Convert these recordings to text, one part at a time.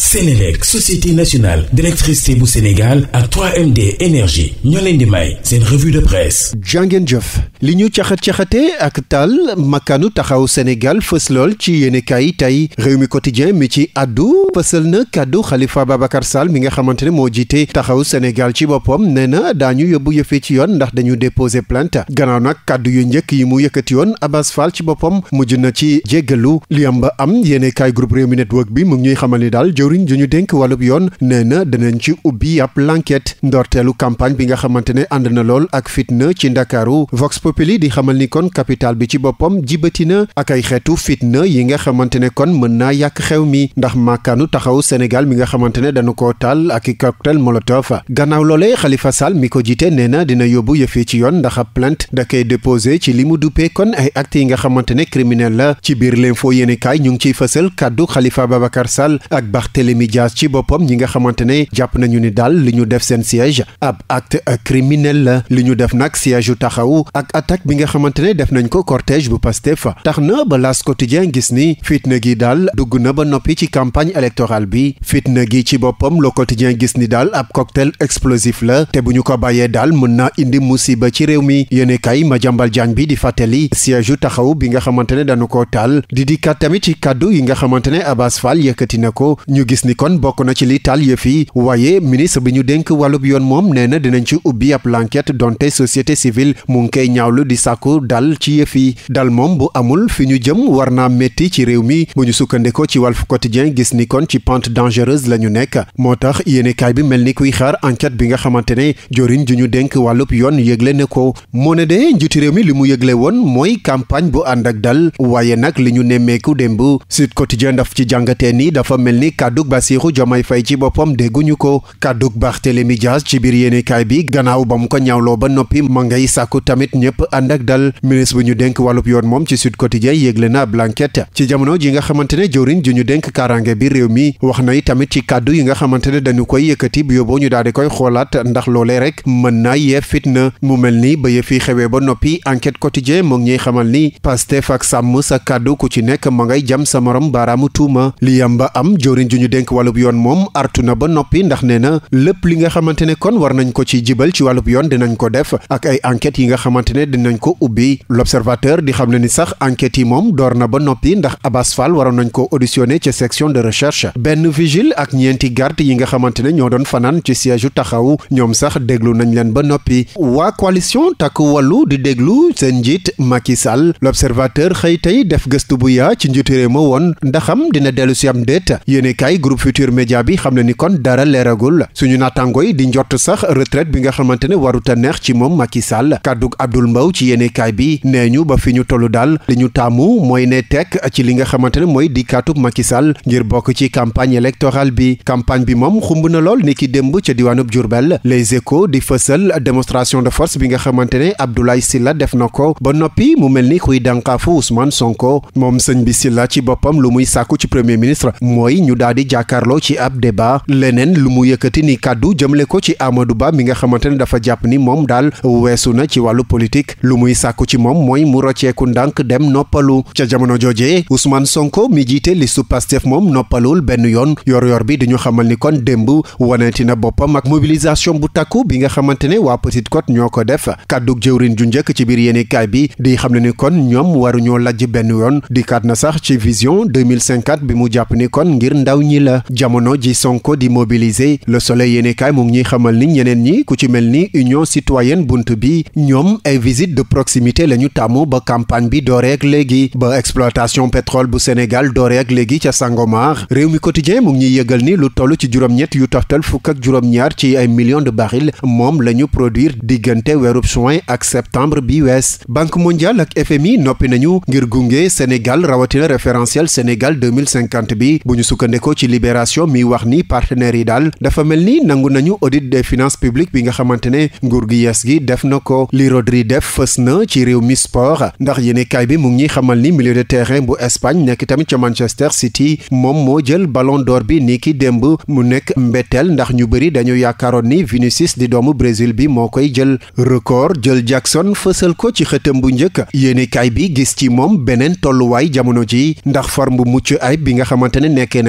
Sénélec société nationale d'électricité bu Sénégal ak 3MD énergie ñoo leen di may seen revue de presse. jàngeen jëf li ñu caxat caxate ak taal makkaanu taxaw Sénégal fës lool ci yéenekaay yi tey réew mi quotidien mi ci addu fësal na kàddu Khalifa Babacar Sall mi nga xamante ne moo jiite taxaw Sénégal ci boppam nee na daañu yóbbu yëfee ci yoon ndax dañu déposé plainte gannaaw nag kàddu yu njëkk yi mu yëkkati yoon Abbas Fall ci boppam mujj na ci jéggalu li ba am yéenekaay groupe Rewmi Network bi mu ngi ñuy xamal ni daal jëwriñ ju ñu dénk wàllub yoon nee na danañ ci ubbi ab l'enquête ndorteelu campagne bi nga xamante ne ànd na lool ak fitna ci ndakaaru Vox Populi di xamal ni kon capital bi ci boppam jibatina ak ay xeetu fitna yi nga xamante ne kon mën naa yàkk xew mi ndax màkkaanu taxaw Sénégal bi nga xamante ne dañu ko taal ak i cocktail molotov gannaaw loolee xalifa Sall mi ko jiite nee na dina yóbbu yëfee ci yoon ndax ab plant da koy déposé ci li mu duppee kon ay actes yi nga xamante ne criminel la ci biir l'info yéenekaay ñu ngi ciy fësal kàddu Khalifa Babacar Sall ak baxte Barthélemy Dias ci boppam ñi nga xamante ne jàpp nañu ni daal li ñu def seen siège ab acte criminel la li ñu def nag siège yu taxaw ak attaque bi nga xamante ne def nañ ko cortège bu Pastef tax na ba L'As Quotidien gis ni fitna gi daal dugg na ba noppi ci campagne électorale bi na gi ci boppam Le Quotidien gis ni daal ab cocktail explosif la te bu ñu ko bàyyee daal mën na indi musiba ci réew mi yéene kay Madiambal Diagne bi di fàttali siège yu taxaw bi nga xamante ne dañu ñu gis ni kon bokk na ci li taal yëf waaye ministre bi ñu dénk wàllub yoon moom nee na dinañ ci ubbi ab l'enquête donte société civile mu ngi koy ñaawlu di sàkku dal ci yëf dal moom bu amul fi ñu jëm war naa métti ci réew mi bu ñu sukkandikoo ci Walf Quotidien gis ni kon ci pente dangereuse la ñu nekk moo tax yéenekaay bi mel ni kuy xaar enquête bi nga xamante ne jorin ju ñu dénk wàllub yoon yëgle na ko moo ne de njiitu réew mi li mu yëgle woon mooy campagne bu dal waaye nag kàddug Bassirou Diomaye Faye ci boppam dégguñu ko kàddug Barthélémy Dias ci biir yéenekaay bi gannaaw ba mu ko ñaawloo ba noppi ma ngay sàkku tamit ñëpp ànd ak dal ministre bu ñu dénk wàllub yoon moom ci Sud Quotidien yégle na ab enquête ci jamono ji nga xamante ne jëwriñ ju ñu dénk kaaraange bi réew mi wax nay tamit ci kàddu yi nga xamante ne dañu koy yëkkati bu yóbboo ñu daal di koy xoolaat ndax loolee rek mën naa yee fitna mu mel ni ba yëf yi xewee ba noppi enquête quotidien moo ngi ñuy xamal ni Pastef ak sàmm sa kàddu ku ci nekk mu ngay jam sa moroom baaraamu tuuma li yam ba am jëwriñ ju ju ñu dénk wàllub yoon moom artu na ba noppi ndax nee na lépp li nga xamante ne kon war nañ ko ci jibal ci wàllub yoon dinañ ko def ak ay enquêtes yi nga xamante ne dinañ ko ubbi l'observateur di xam ne ni sax enquêtes yi moom door na ba noppi ndax Abbas Fall waroon nañ ko auditionné ca section de recherche benn vigile ak ñeenti gàrt yi nga xamante ne ñoo doon fanaan ci siège taxaw ñoom sax déglu nañ leen ba noppi waa coalition takk wàllu di déglu seen njiit Macky Sall l'observateur xëy tey def gëstu bu yaa ci njiitu réew ma woon ndaxam dina dellu si yéenekaay groupe Futur Média bi xam ne ni kon dara leeragul suñu naataango yi di njott sax retraite bi nga xamante ne waruta neex ci moom Macky Sall kàddug Abdoul Mbaw ci yéenekaay bi nee ñu ba fi ñu tollu daal li ñu tàmmu mooy ne tekk ci li nga xamante ne mooy dikkaatug Macky Sall ngir bokk ci campagne électorale bi campagne bi moom xumb na lool ni ki démb ca diwaanub Diourbel Les Échos di fësal démonstration de force bi nga xamante ne Abdoulaye Sylla def na ko ba noppi mu mel ni kuy dànkaafu Ousmane Sonko moom sëñ bi Sylla ci boppam lu muy sàkku ci premier ministre di jàkkaarloo ci ab débat leneen lu mu yëkkati ni kàddu jëmle ko ci Amadou Ba mi nga xamante ne dafa jàpp ni moom daal weesu na ci wàllu politique lu muy sàkku ci moom mooy mu rocceeku ndànk dem noppalu ca jamono jooje Ousmane Sonko mi jiite listu Pastef moom noppalul benn yoon yor-yor bi dañu xamal ni kon démb waneeti na boppam ak mobilisation bu takku bi nga xamante ne waa Petite Côte ñoo ko def kàddug jëwrin ju njëkk ci biir yéenekaay bi di xam ne ni kon ñoom waruñoo lajj benn yoon di kaat na sax ci vision 2050 bi mu jàpp ñi la jamono ji Sonko di mobiliser le soleil yéenekaay mu ngi ñuy xamal ni ñeneen ñi ku ci mel ni union citoyenne bunt bi ñoom ay visite de proximité la ñu tàmmu ba campagne bi dooreek léegi ba exploitation pétrole bu Sénégal dooreek léegi ca Sangomar réew mi quotidien mu ngi ñuy yëgal ni lu toll ci juróom-ñett yu toftal fukk ak juróom-ñaar ci ay millions de barils moom la ñu produire diggante weerub juin ak septembre bi wees banque mondiale ak FMI noppi nañu ngir gunge Sénégal rawatina référentiel Sénégal 2050 bi bu ñu ci libération mi wax ni partenaires yi daal dafa mel ni nangu nañu audit des finances publiques bi nga xamante ne nguur gi yees gi def na ko li Rodri def fës na ci réew mi sport ndax yéenekaay bi mu ngi ñuy xamal ni milieu de terrain bu Espagne nekk tamit ca Manchester City moom moo jël ballon d'or bi ni ki démb mu nekk mbetteel ndax ñu bëri dañu yaakaaroon ni Vinicius di doomu Brésil bi moo koy jël record jël Jackson fësal ko ci xëtam bu njëkk yéenekaay bi gis ci moom beneen tolluwaay jamono ji na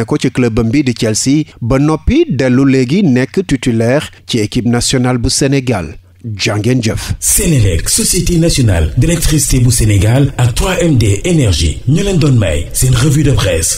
ko club am bi di Chelsea ba noppi dellu léegi nekk titulaire ci équipe nationale bu Sénégal jàngeen jëf. Sénélec société nationale bu Sénégal ak 3MD énergie ñu leen doon may seen revue de presse.